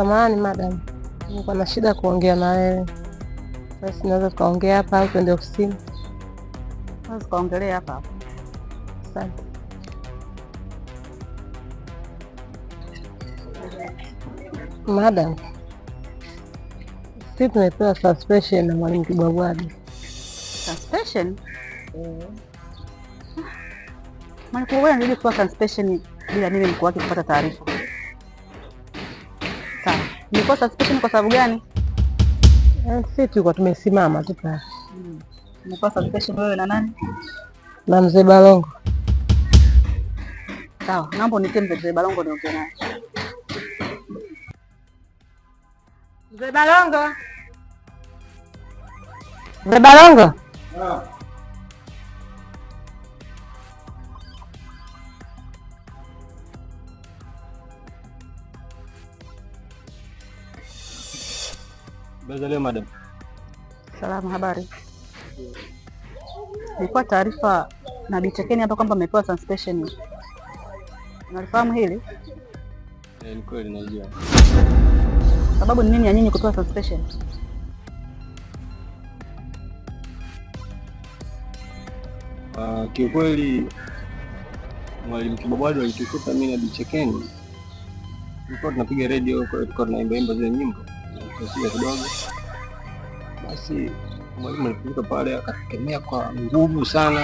samahani madam, niko na shida kuongea na wewe. Basi naweza tukaongea hapa au tuende ofisini? Tukaongelea hapa hapa. Asante. Madam, sisi tumepewa suspension na mwalimu Kibwabwadu. Suspension? Eh. Mwalimu Kibwabwadu anarudi kuwa suspension bila mimi mkuu wake kupata taarifa. Nilikuwa suspicion kwa sababu gani? Eh, si tulikuwa tumesimama tu pale. Hmm. Nilikuwa suspicion wewe na nani? Na mzee Balongo. Sawa, naomba unitembe mzee Balongo niongee naye. Mzee Balongo. Mzee Balongo. Ah. Habari za leo madam. Salamu, habari. Nilikuwa taarifa na Bitekeni hapa kwamba amepewa suspension. Unalifahamu hili? Eh, ni kweli najua. Sababu ni nini ya nyinyi kupewa suspension? Uh, kiukweli Mwalimu Kibabwadu alitukuta mimi na Bichekeni tulikuwa tunapiga radio, kwa hiyo tulikuwa tunaimba imba zile nyimbo kuzuia kidogo. Basi mwalimu alipofika pale akakemea kwa nguvu sana,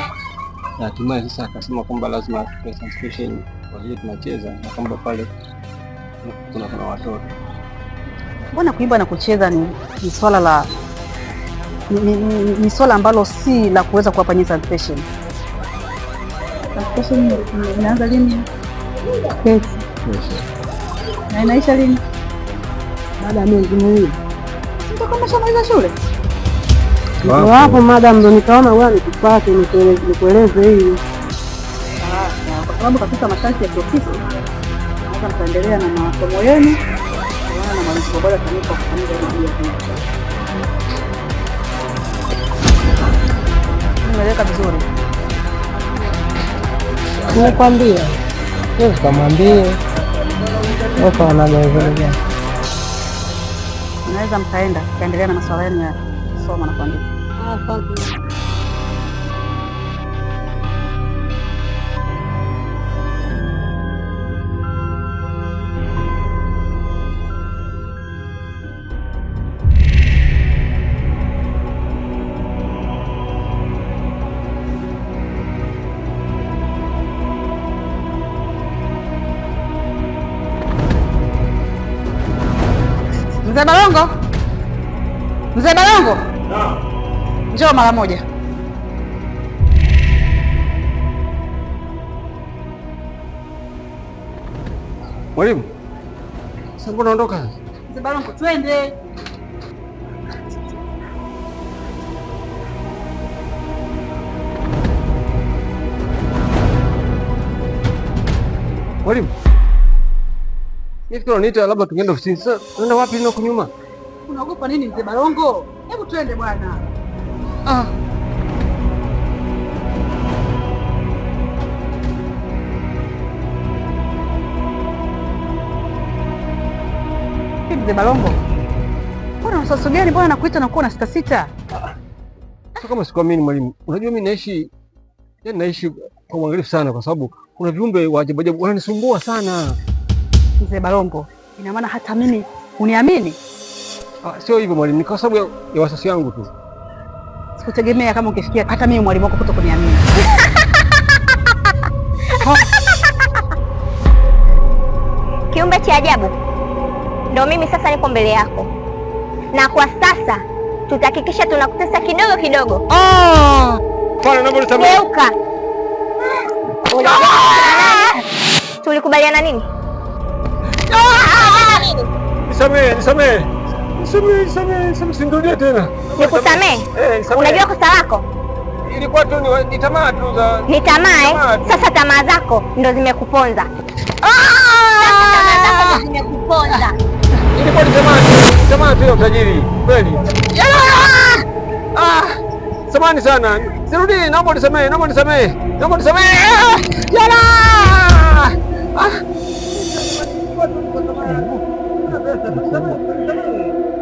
na hatimaye sasa akasema kwamba lazima tupe suspension kwa vile tunacheza na kwamba pale kuna kuna watoto. Mbona kuimba na kucheza ni, ni swala la ni, ni, ni swala ambalo si la kuweza kuwafanyia suspension. Suspension inaanza lini? Kesi. Na inaisha lini? baada ya miezi miwili sitakwenda shamaliza shule hapo madam, ndo nikaona wewe nikupate nikueleze hii ah, kwa sababu katika masharti ya kiofisi naweza na masomo yenu na mwanasikobola nikamwambia mnaweza mkaenda kaendelea na masuala yenu ya kusoma na kuandika. Mzee Balongo, Mzee Balongo, njoo mara moja. Mwalimu, sasa unaondoka? Mzee Balongo, twende. Mwalimu mimi unaniita labda tungeenda ofisini. Sasa tunaenda wapi na kunyuma? Unaogopa nini mzee Barongo? Hebu twende bwana. Ah. Mzee Barongo. Bwana usasogea bwana nakuita na kuwa na sita sita. Ah. Sio kama sikuamini mwalimu. Unajua mimi naishi yani naishi kwa uangalifu sana kwa sababu kuna viumbe wa ajabu ajabu wananisumbua sana. Mzee Barongo, ina maana hata mimi uniamini? Ah, sio hivyo mwalimu, ni kwa sababu ya, ya wasasi wangu tu. Sikutegemea kama ungefikia hata mimi mwalimu wako kuto kuniamini. Kiumbe cha ajabu, ndo mimi sasa niko mbele yako, na kwa sasa tutahakikisha tunakutesa kidogo kidogo. Ah! Geuka. Ah! Tulikubaliana nini? Nisamehe, nisamehe, nisamehe, nisamehe, simrudie tena. Nikusamehe? Eh, Unajua kosa lako ilikuwa tu ni tamaa tu za ni tamaa. Eh? Sasa tamaa zako ndo zimekuponza. Ah! Zimekuponza ilikuwa ni tamaa tu ya mtajiri kweli. Ah! Ah! Samahani sana, sirudii. Naomba nisamehe, naomba nisamehe, naomba nisamehe.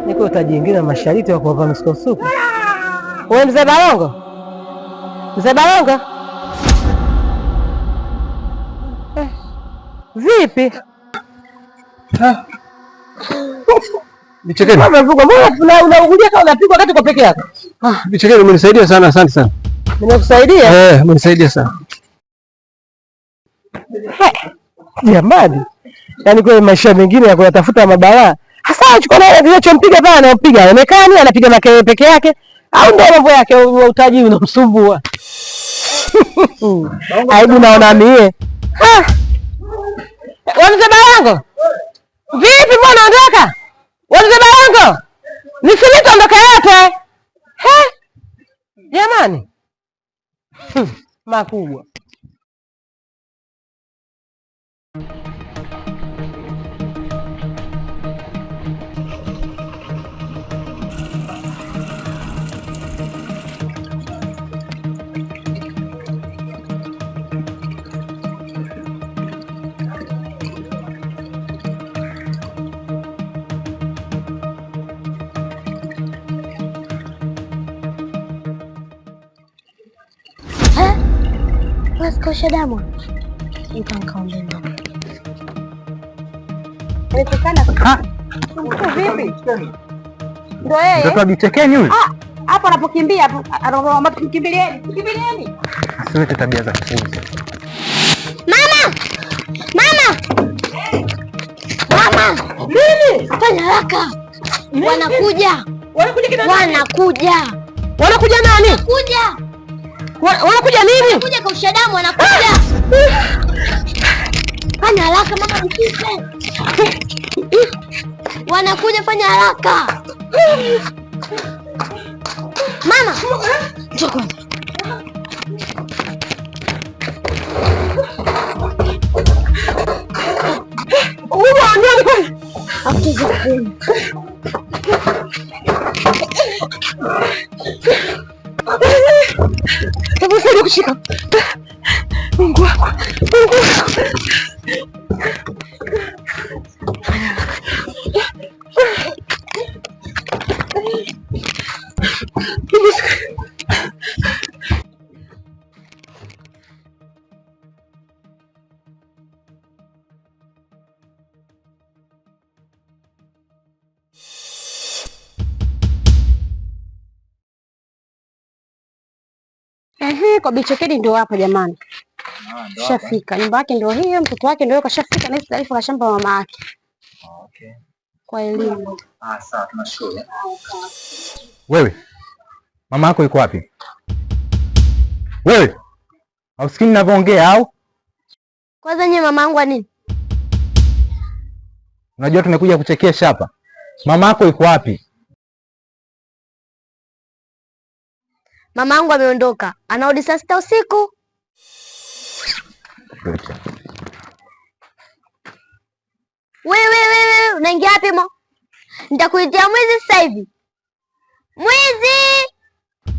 Niko utajiingiza mashariti wa kuwapa msukosuko. Uwe mzee Balongo, mzee Balongo eh, vipi? Nichekeni. Unaugulia kama unapigwa wakati kwa peke yako. Nichekeni, ah, umenisaidia sana, asante sana. Nimekusaidia? Eh, umenisaidia sana eh, jamani yani kwa maisha mengine ya kuyatafuta mabalaa hasa chukua na kinachompiga pale anampiga anaonekana anapiga makelele peke yake au ndio mambo yake wa utaji unamsumbua aibu naona mie wanize balango vipi mbona ondoka wanize balango nisilito ondoka yote jamani hmm, makubwa Askosha damu nikaombe mtoto ajichekeni huyu ah, hapo anapokimbia siwete tabia za kuuza. Mama, mama, mama, fanya haraka, wanakuja, wanakuja nani? Unakuja nini? Unakuja kausha damu anakuja. Ah! Fanya haraka mama mkise. Wanakuja fanya haraka. Mama. Njoo kwanza. Uwa, 해보세요 아, 네. 시간 농구야 네. 농구야 kwa Bichekedi ndio ah, hapa jamani. Shafika. Nyumba yake ndio hiyo, mtoto wake ndio kashafika na hizo taarifa kashamba mama yake. Ah, kwa elimu. Ah, sawa, tunashukuru. Ah, Wewe. Mama yako yuko wapi? Wewe. Hausikii ninavyoongea au? Kwanza nyewe mama yangu nini? Unajua tumekuja kuchekesha hapa. Mama yako yuko wapi? mama angu ameondoka, anarudi saa sita usiku. Wewe unaingia wapi mo? Nitakuitia mwizi sasa hivi. Mwizi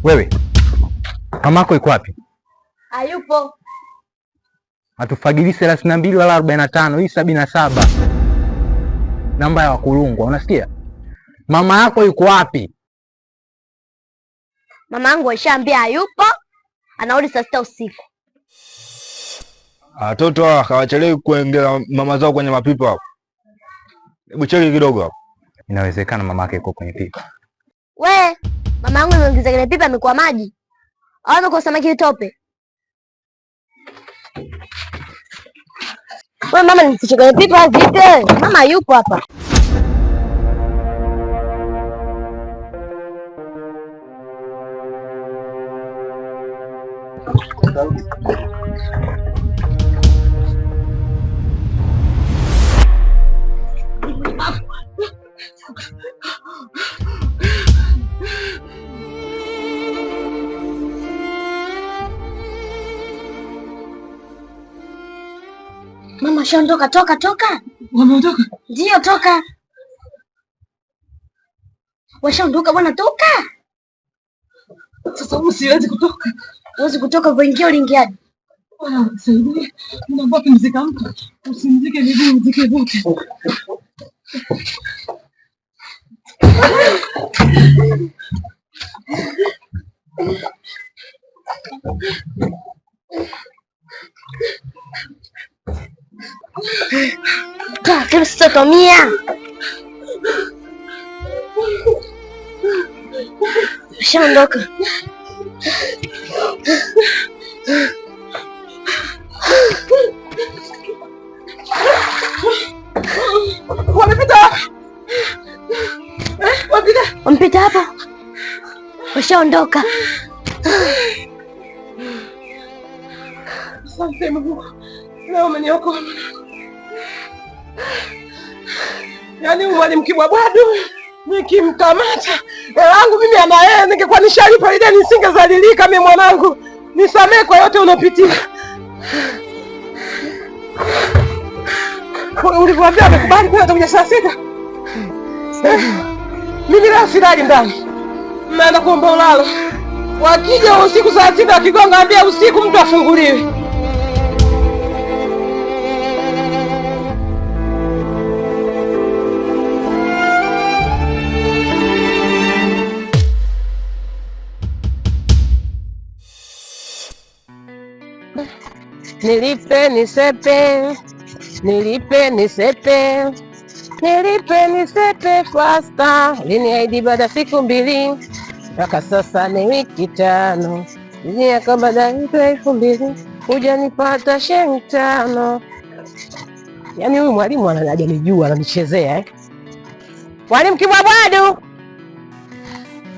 wewe! Mamako iko wapi? Hayupo. Hatufagilii thelathini na mbili wala arobaini na tano hii sabini na saba namba ya wakulungwa, unasikia? Mama yako yuko wapi? Mama yangu alishaambia hayupo, anarudi saa sita usiku. Watoto hawa hawachelewi kuongea mama zao kwenye mapipa hapo. Hebu cheki kidogo hapo. Inawezekana mama yake yuko kwenye pipa. We, mama yangu imeongeza kwenye pipa amekuwa maji. Au amekuwa samaki utope. We mama, nisichukue kwenye pipa vipi? Mama yupo hapa. Mama shaondoka, toka toka. Wameondoka? Ndio, toka. Washaondoka bwana, toka. Sasa siwezi kutoka. Huwezi kutoka kuingia uliingiaje? Pumzika mtu, Wampita hapo, washaondoka. Asante Mungu, leo umeniokoa. Yaani, Mwalimu Kibwa nikimkamata Elangu mimi ama yeye, ningekuwa nishalipa ile nisingezalilika. Mimi mwanangu, nisamee kwa yote unapitia. Ulivyoambia amekubali kwa kuja saa sita, eh, mimi leo silali ndani, naenda kuomba ulalo. Wakija usiku saa sita, wakigonga ambia usiku mtu afunguliwe. nilipe nisepe, nilipe nisepe, nilipe nisepe Fasta. Liniahidi baada siku mbili, mpaka sasa ni wiki tano. ya elfu mbili hujanipata shilingi tano. Yaani huyu mwalimu hajanijua, ananichezea eh? Mwalimu Kibwabwadu,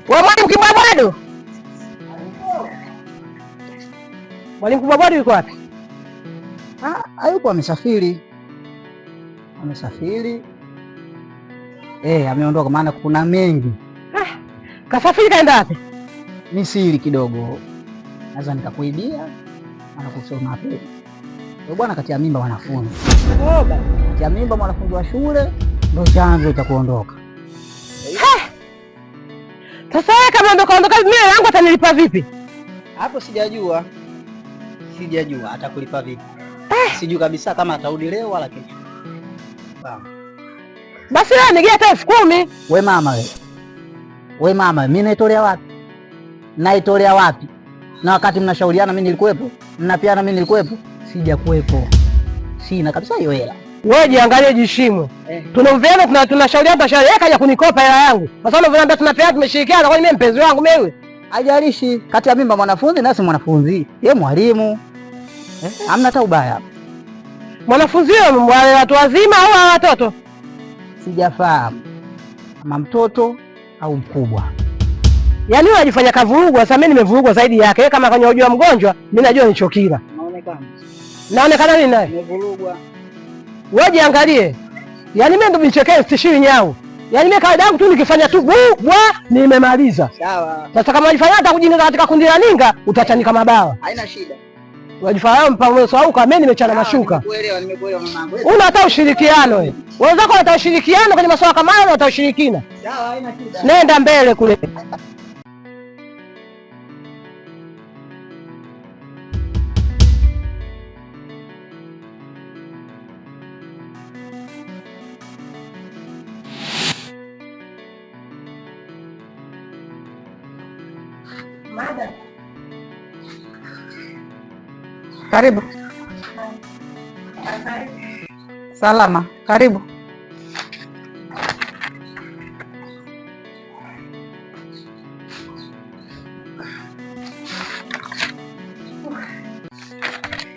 we mwalimu Kibwabwadu, mwalimu Kibwabwadu yuko wapi? Ah, Ayubu amesafiri, amesafiri eh, ameondoka, maana kuna mengi. Ah, kasafiri kaenda wapi? Ni siri kidogo, naweza nikakuibia, maana kusoma hapo bwana, katia mimba wanafunzi, katia mimba mwanafunzi wa shule ndo chanzo cha kuondoka. Sasa kama ndo kaondoka, mimi yangu atanilipa vipi? Hapo sijajua, sijajua atakulipa vipi Eh. Sijui kabisa kama atarudi leo wala kesho. Basi leo nigia hata elfu kumi. We mama we. We mama, mimi naitolea wapi? Naitolea wapi? Na wakati mnashauriana mimi nilikuwepo, mnapiana mimi nilikuwepo, sijakuwepo. Sina kabisa hiyo hela. Wewe jiangalie jishimo. Eh. Tunamviana tuna tunashauriana tashauri yeye kaja kunikopa hela yangu. Kwa sababu unaniambia tunapeana tumeshirikiana, kwani mimi mpenzi wangu mimi. Hajalishi kati ya mimi mwanafunzi na si mwanafunzi. Yeye mwalimu. Eh? Hamna hata ubaya. Mwanafunzi huyo wale watu wazima au wa watoto? Sijafahamu kama mtoto au mkubwa. Yaani wewe unajifanya kavurugwa, sasa mimi nimevurugwa zaidi yake. kama kanywa uji wa mgonjwa, mimi najua ni chokila. Naonekana. Naonekana nini naye? Nimevurugwa. Wewe jiangalie. Yaani mimi ndo nichekee stishi nyao. Yaani mimi kawaida yangu tu nikifanya tu bu bwa nimemaliza. Sawa. Sasa kama unajifanya hata kujinga katika kundi la ninga, utachanika mabawa. Haina shida. Unajifahamu sawa kama mimi nimechana ah, mashuka. Una hata ushirikiano wenzako, hata ushirikiano kwenye masuala kama hayo, hata ushirikina. Nenda mbele kule. Karibu. Salama, karibu.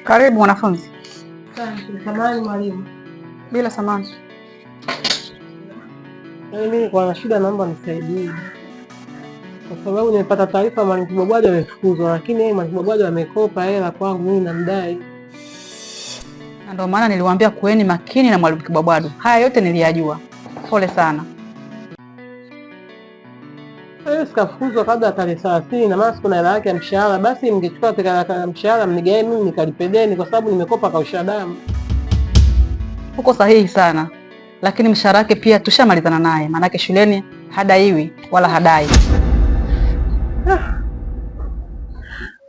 Karibu mwanafunzi. Samahani mwalimu. Bila samahani. Mimi kwa shida, naomba nisaidie kwa sababu nimepata taarifa Mwalimu Kibwabwaja amefukuzwa, lakini yeye Mwalimu Kibwabwaja amekopa hela kwangu mimi namdai, na ndio maana niliwaambia kuweni makini na Mwalimu Kibwabwaja. Haya yote niliyajua, pole sana. Sikafukuzwa kabla ya tarehe thelathini na maana sikuna hela yake ya mshahara. Basi mngechukua hela ya mshahara mnigae mimi nikalipedeni, kwa sababu nimekopa kausha damu. Uko sahihi sana, lakini mshahara wake pia tushamalizana naye, maanake shuleni hadaiwi wala hadai.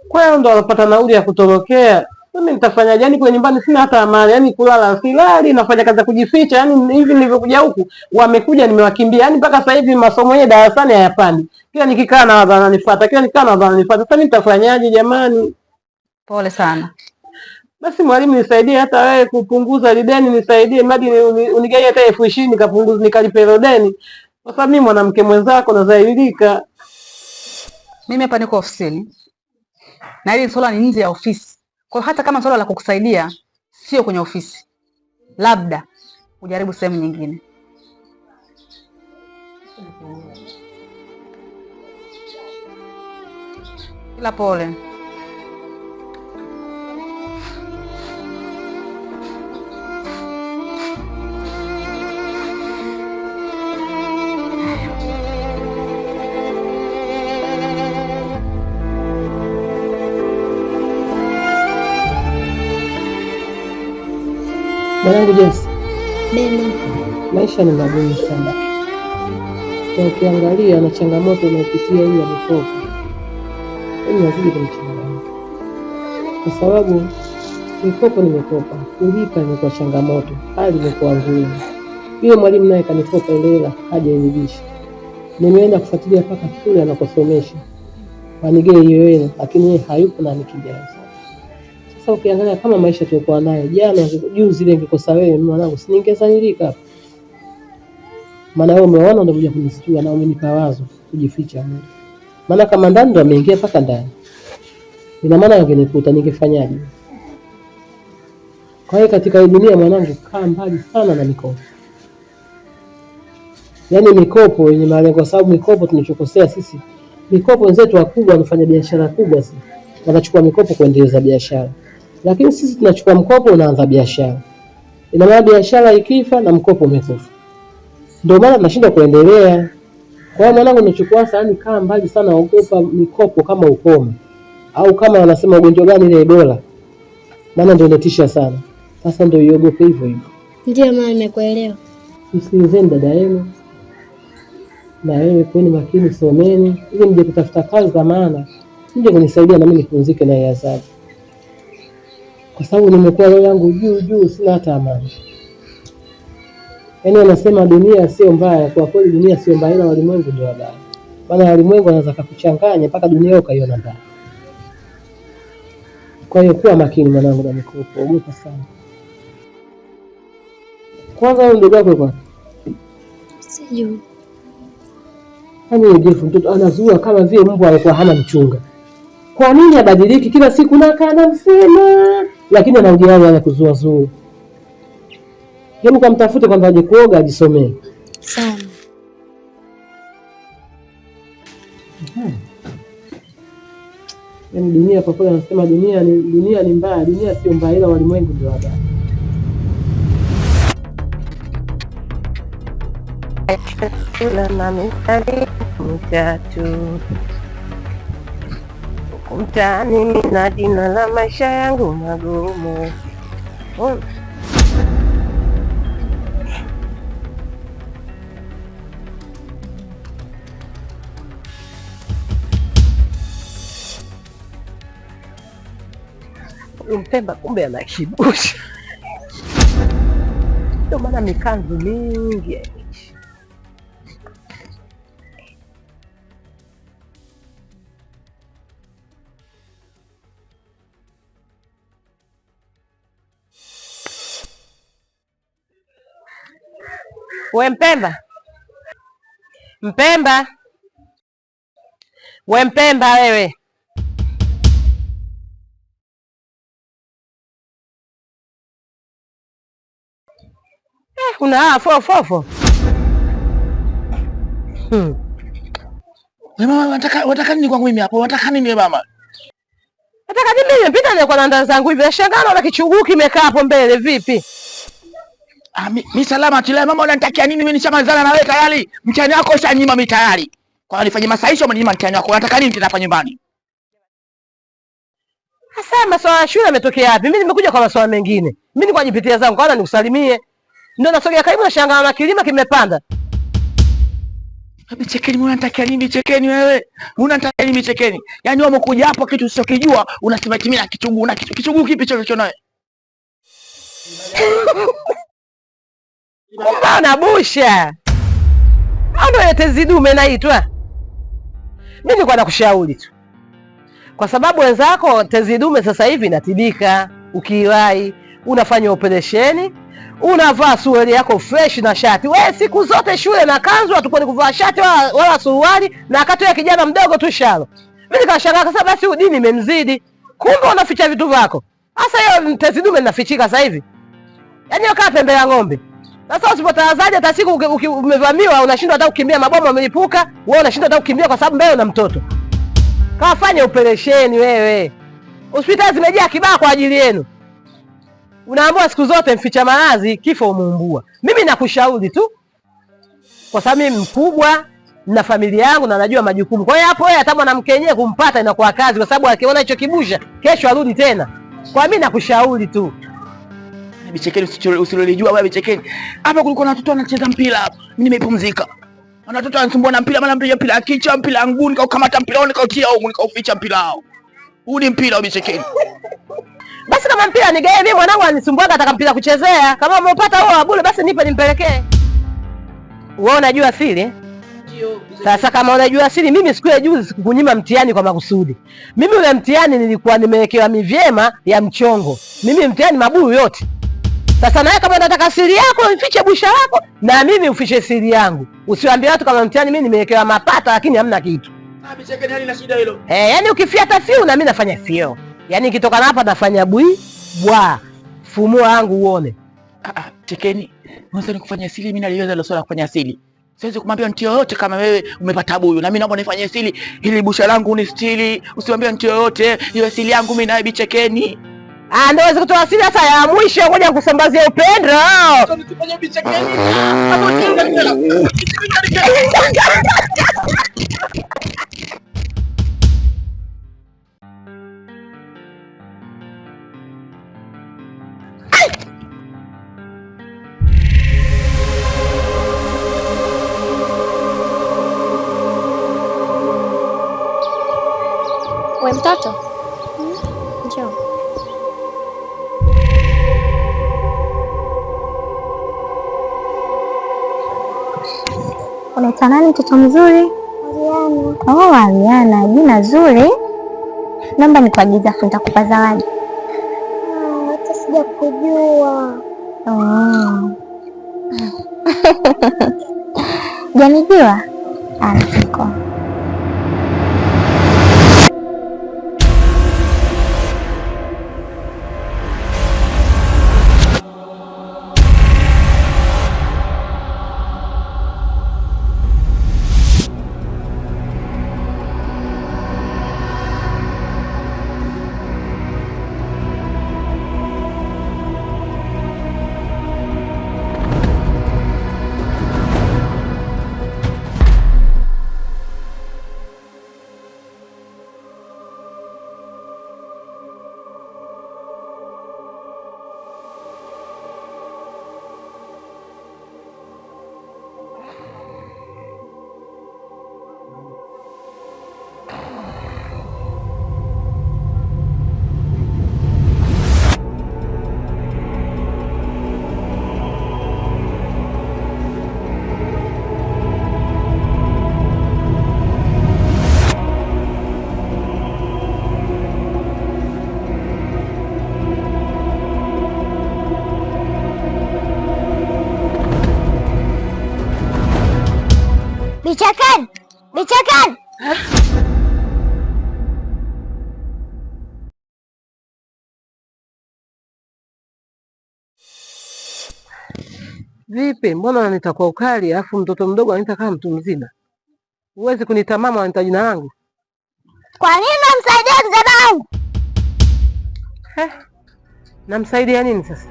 Kwa hiyo ndo alipata nauli ya kutorokea. Mimi nitafanya Yaani kule nyumbani sina hata amani, yaani kulala silali, nafanya kazi ya kujificha. Yaani hivi nilivyokuja huku wamekuja, nimewakimbia. Yaani mpaka sasa hivi masomo yenyewe darasani hayapandi, kila nikikaa na wadha nifuata, kila nikikaa na wadha nifuata. Sasa mimi nitafanyaje jamani? Pole sana. Basi mwalimu, nisaidie hata wewe kupunguza lideni, nisaidie mradi unigaie hata elfu ishirini nikapunguza nikalipe lodeni, kwa sababu mimi mwanamke mwenzako nadhalilika. Mimi hapa niko ofisini na hili swala ni nje ya ofisi. Kwa hiyo hata kama swala la kukusaidia sio kwenye ofisi, labda ujaribu sehemu nyingine. Ila pole. Mwanangu Jesi, maisha ni magumu sana, na ukiangalia na changamoto unayopitia hii ya mikopo nazidi kumchanganya, kwa sababu mikopo nimekopa, kulipa imekuwa changamoto, hali imekuwa ngumu. hiyo mwalimu naye kanikopa ile hela, hajairudisha. Nimeenda kufuatilia mpaka kule anakosomesha wanigee hiyo hela, lakini yeye hayupo na nikijaza sasa ukiangalia kama maisha tulikuwa nayo jana, juu zile, ningekosa wewe mwanangu, si ningesaidika? Maana wewe umeona, ndio kuja kunistua na umenipa wazo kujificha. Maana kama ndani ndo ameingia mpaka ndani, ina maana angenikuta ningefanyaje? Kwa hiyo katika hii dunia mwanangu, kaa mbali sana na mikopo, yaani mikopo yenye malengo, kwa sababu mikopo tunachokosea sisi, mikopo wenzetu wakubwa wanafanya biashara kubwa, sisi wanachukua mikopo kuendeleza biashara lakini sisi tunachukua mkopo unaanza biashara, ina maana biashara ikifa na mkopo umekufa, ndio maana tunashindwa kuendelea. Kwa hiyo mwanangu, nichukua sana, yaani kaa mbali sana, ogopa mikopo kama ukome au kama wanasema ugonjwa gani ile Ebola, maana ndio inatisha sana. Sasa ndio iogope hivyo hivyo. Ndio maana nimekuelewa. Msikilizeni dada yenu na wewe kweni makini, someni ili mje kutafuta kazi za maana, mje kunisaidia na mimi nipumzike na adhabu kwa sababu nimekuwa roho yangu juu juu, sina hata amani. Yaani wanasema dunia sio mbaya, kwa kweli dunia sio mbaya, ila walimwengu ndio wabaya. Maana walimwengu wanaweza kukuchanganya mpaka dunia yako ukaiona mbaya. Kwa hiyo kuwa makini mwanangu, na mikopo ogopa sana. Kwanza huyo ndugu yako kwa sijui yaani Jefu mtoto anazua kama vile mbwa alikuwa hana mchunga. Kwa nini abadiliki kila siku? na kana msema? lakini ana ujanja ya kuzua Hebu kamtafute kwamba aje kuoga ajisomee. Sawa. Hmm. Yaani dunia kwa kweli anasema dunia ni dunia ni mbaya, dunia sio mbaya ila walimwengu ndio wabaya. Mami tatu mtaani mina dina la maisha yangu magumu. Oh. Mpemba kumbe anakibusha, ndio maana mikanzu mingi aishi We Mpemba, Mpemba, we Mpemba wewe. Eh, una fofofo hmm. Eh, mama, wataka wataka nini kwangu mimi hapo? Wataka nini wewe mama? Nataka nini mimi? Pita ndio kwa nanda zangu hivi. Shangana na kichuguu kimekaa hapo mbele vipi? Ah, mi, mi salama tila mama, unanitakia nini? Mimi nishamalizana na wewe tayari. Mtihani wako ushanyima mimi tayari. Kwa nini nifanye masahihisho umeninyima mtihani wako? Unataka nini tena hapa nyumbani? Hasa maswala ya shule yametokea wapi? Mimi nimekuja kwa maswala mengine. Mimi ni kwa jipitia zangu kwanza nikusalimie. Ndio nasogea karibu na shangaa na kilima kimepanda. Mimi chekeni, mimi unanitakia nini chekeni wewe? Unanitakia nini chekeni? Yaani wewe umekuja hapo kitu usichokijua, unasema kimina kitunguu na kichungu kipi chochote nayo? kumbe unabusha au ndio tezi dume naitwa? Mimi nilikuwa nakushauri tu, kwa sababu wenzako tezi dume sasa hivi inatibika. Ukiwai unafanya operesheni, unavaa suruali yako fresh na shati. We siku zote shule na kanzu, hatukuwa ni kuvaa shati wala, wala suruali, na wakati ya kijana mdogo tu shalo. Mimi nikashangaa sasa, basi udini imemzidi, kumbe unaficha vitu vyako. Sasa hiyo tezi dume nafichika sasa hivi, yaani kaa pembe ya ng'ombe. Sasa usipotahadhari hata siku umevamiwa unashindwa hata kukimbia, mabomu yamelipuka, wewe unashindwa hata kukimbia kwa sababu mbele una mtoto. Kawafanye operesheni wewe. Hospitali zimejaa kibaa kwa ajili yenu. Unaambiwa siku zote mficha maradhi kifo umeumbua. Mimi nakushauri tu kwa sababu mimi mkubwa na familia yangu na najua majukumu. Kwa hiyo hapo wewe hata mwanamke wenyewe kumpata inakuwa kazi kwa sababu akiona hicho kibusha kesho arudi tena. Kwa mimi nakushauri tu vichekeni usilolijua wewe vichekeni. Hapa kulikuwa na watoto wanacheza mpira hapa. Mimi nimepumzika. Na watoto wanasumbua na mpira, mara mpira pila kicha, mpira nguu, nikaukamata mpira, nikautia huko, nikauficha mpira hao. Huu ni mpira wa vichekeni. Basi kama mpira ni gaya, mimi, mwanangu anisumbuaga ataka mpira kuchezea. Kama umepata huo wa bure, basi nipe nimpelekee. Wewe unajua siri? Eh? Sasa kama unajua siri, mimi siku ya juzi sikunyima mtihani kwa makusudi. Mimi ule mtihani nilikuwa nimewekewa mivyema ya mchongo. Mimi mtihani mabuyu yote sasa naye kama unataka siri yako ufiche busha lako, na mimi ufiche siri yangu, usiwaambie watu kama mtihani mimi nimewekewa mapata, lakini hamna kitu. Ah, eh, yani ukifiata fiu na mimi nafanya fio, yani nikitoka na hapa nafanya bui bwa, fumua yangu uone. Ah, ah Chekeni, unaweza nikufanya siri mimi, naliweza la swala kufanya siri Siwezi kumwambia mtu yoyote kama wewe umepata buyu, na mimi naomba nifanye siri ili busha langu ni stili, usiwaambie mtu yoyote, hiyo siri yangu mimi naye Bichekeni. Ah, ndio kutoa siri hata ya mwisho ngoja kusambazia upendo. mzuri? Oh, Ariana, jina zuri. Naomba nikuagize afu nitakupa zawadi. Ah, hata sijakujua. Oh. Janijua? Aniko. Ah, Vipi, mbona unanita kwa ukali, alafu mtoto mdogo anita kama mtu mzima? Huwezi kunita mama, wanita jina langu. Kwa nini namsaidia mzee wangu? Namsaidia nini sasa?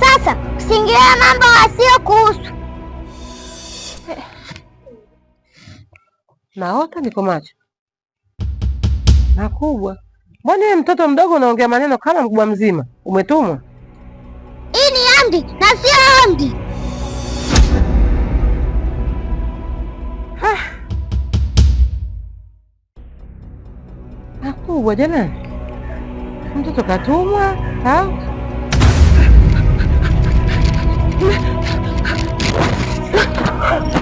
Sasa usiingilie mambo kuhusu Naota niko macho na kubwa. Mbona mtoto mdogo unaongea maneno kama mkubwa mzima? Umetumwa? siendi, na siendi. Nakubwa jana, mtoto katumwa au? Ha?